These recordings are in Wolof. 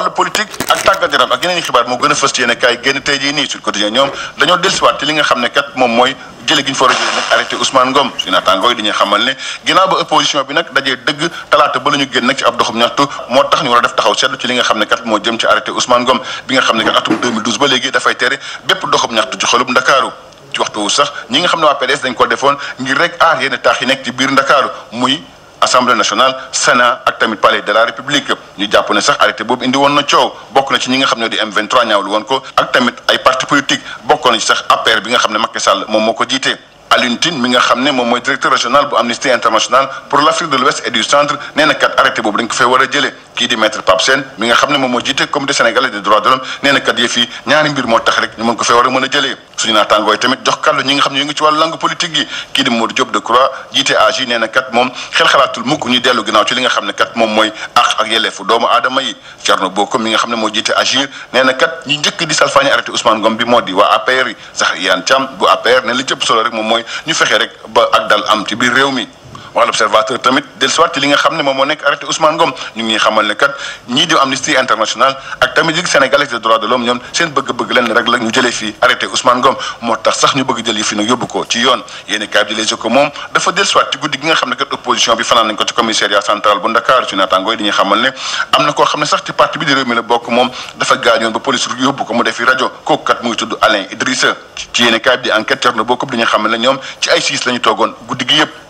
wàllu politique ak a yaram ak yeneen xibaar moo gën a fës yéen kaay génn tey sur quotidien ñoom dañoo dellusiwaat ci li nga xam ne kat moom mooy jële gi ñu fa a jële nag arrêté Ousmane Ngom su naataangoo yi dañuy xamal ne ginnaaw ba opposition bi nag daje dëgg talaata ba la ñu génn ci ab doxum ñaxtu moo tax ñu war a def taxaw seetlu ci li nga xam ne kat moo jëm ci arrêté Ousmane Ngom bi nga xam ne kat atum 2012 ba léegi dafay tere bépp doxum ñaxtu ci Ndakaaru ci waxtu sax ñi nga xam ne waa PDS dañ ko defoon ngir rek aar yenn taax yi biir Ndakaaru muy assemblée national sénat ak tamit palais de la république ñu jàpp ne sax arrêté boobu indi woon na coow bokk ci ñi nga xam ne di M23 ñaawlu woon ko ak tamit ay parti politique bokk na ci sax APR bi nga xam ne Macky Sall moom moo ko jiite Alioune Tine mi nga xam ne moom mooy directeur régional bu Amnesty International pour l'Afrique de l'Ouest et du Centre nee kat arrêté boobu dañ ko fay war a jëlee kii di maître Pape xam ne moom moo jiite comité sénégalais des droits de l'homme nee na kat yëf yi ñaari mbir moo tax rek ñu mën ko fee war a na a jëlee suñu tamit jox kàddu ñi nga xam ne ñu ngi ci wàllu langue na kat moom xel xalaatul mukk ñu dellu ginnaaw ci yi Thierno Bocoum mi xam ne moo jiite AGIR nee na kat ñi njëkk di salfaañi arrêté Ousmane Ngom bi moo di waa APR yi Zahra Iyane Thiam bu APR solo rek moom mooy ñu fexe rek ba ak dal am ci biir mi waa l'observateur tamit dellusiwaat ci li nga xam ne moom moo nekk arrêté Ousmane Ngom ñu ngi xamal ne kat ñii di Amnesty International ak tamit Ligue sénégalaise des droits de l'homme ñoom seen bëgg-bëgg leen rek la ñu jëlee fii arrêté Ousmane Ngom moo tax sax ñu bëgg jël yi fii ko ci yoon yéeni kayi bi di Les Échos moom dafa dellusiwaat ci guddi gi nga xam ne kat opposition bi fanaan nañ ko ci commissariat central bu Ndakaaru ci naataangooy di ñu xamal ne am na koo xam ne sax ci parti bi di rajo kooku kat muy tudd Alain Idrissa ci ñu xamal ne ñoom ci ay la ñu toogoon guddi gi yëpp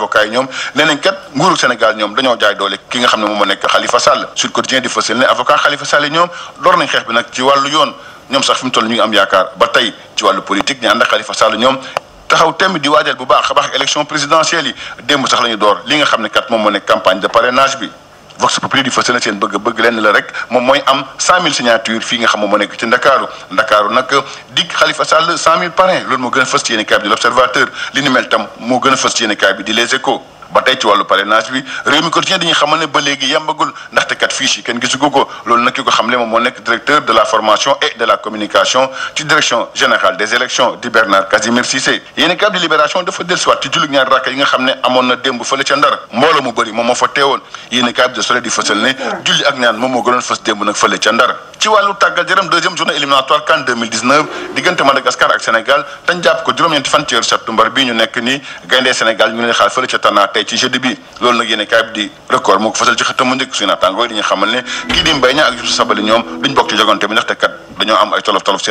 avocats yi ñoom nee nañ kat nguuru Sénégal ñoom dañoo jaay doole ki nga xam ne moom moo nekk Khalifa Sall Sud Quotidien di fësal ne avocat Khalifa Sall yi ñoom door nañ xeex bi nag ci wàllu yoon ñoom sax fi mu toll ñu ngi am yaakaar ba tey ci wàllu politique ñu ànd ak Khalifa Sall ñoom taxaw temm di waajal bu baax a baax élection présidentielle yi démb sax la door li nga xam ne kat moom moo campagne de parrainage bi Vox Populi di fësal na seen bëgg-bëgg lenn la rek moom mooy am 100000 signature fii nga xam moom moo nekk ci Ndakaaru Ndakaaru nag dig Khalifa Sall 100000 parrain loolu moo gën a fës ci yéen kaay bi di a fës ci yéen kaay bi di Les Échos ba tey ci wàllu parrainage bi réew mi quotidien dañuy xamal ne ba léegi yembagul ndaxte kat fiche kenn gisugu ko loolu nag ki ko xamle moom moo nekk directeur de la formation et de la communication ci direction générale des élections di Bernard Casimir Cissé yéeni kab libération dafa dellusiwaat ci julug ñaari rakka yi nga xam ne amoon na démb fële ca ndar mbooloo mu bëri moom moo fa teewoon yéeni kab di Soleil di fësal ne julli ak moom moo gënoon fës démb nag fële ci wàllu tàggal jërëm deuxième journée éliminatoire CAN 2019 diggante Madagascar ak Sénégal dañ jàpp ko juróom-ñeenti fan ci weeru septembre bii ñu nekk nii gayndee Sénégal ñu ngi leen xaar fële ca Tana tey ci jeudi bi loolu nag yéene kaay bi di record moo ko ci xëtam mu njëkk suñu naataangoo yi dañuy xamal ne kii di Mbaye ak Youssouf Sabaly ñoom duñ bokk ci jogante bi ndaxte kat dañoo am ay tolof tolof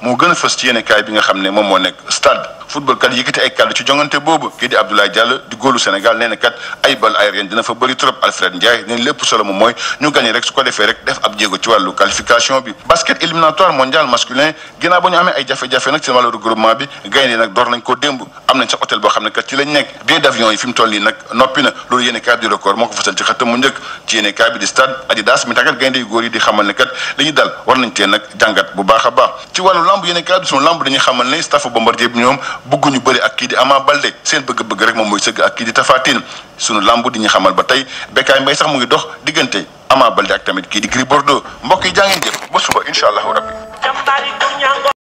moo gën a ci nga xam ne moom moo nekk stade football kat yëkkati ay kàddu boobu kii di Abdoulaye Diallo di góolu Sénégal nee na kat ay bal aérienne dina fa bëri trop moom mooy ñu gagné rek su ko defee rek def ab jéego ci wàllu qualification bi basket éliminatoire mondial masculin ginnaaw ba ñu amee ay jafe-jafe bi gaynde nag door nañ ko démb am nañ sax ne kat ci lañ nekk billet d'avion yi mu toll nii nag na loolu yéene kaay bi di record moo ko fasal ci xëtam mu di stade Adidas mi tàggat gaynde yu góor kat li ñu dal war nañ tee nag jàngat bu baax a baax ci wàllu lamb yéen kay du sunu lamb dañuy xamal ne staff Bombardier bi ñoom bëgguñu bëri ak kii di Ama Baldé seen bëgg-bëgg rek moom mooy sëgg ak kii di Tapha Tine sunu lamb di ñu xamal ba tey Bécaye Mbaye sax mu ngi dox diggante amaa Baldé ak tamit kii di Gris Bordeaux mbokk yi jàngeen jëf ba suba incha allahu rabbi